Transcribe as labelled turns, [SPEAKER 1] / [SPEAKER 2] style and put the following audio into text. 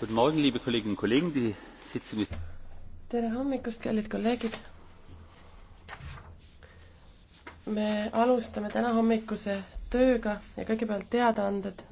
[SPEAKER 1] tere
[SPEAKER 2] hommikust, kallid kolleegid! me alustame tänahommikuse tööga ja kõigepealt teadaanded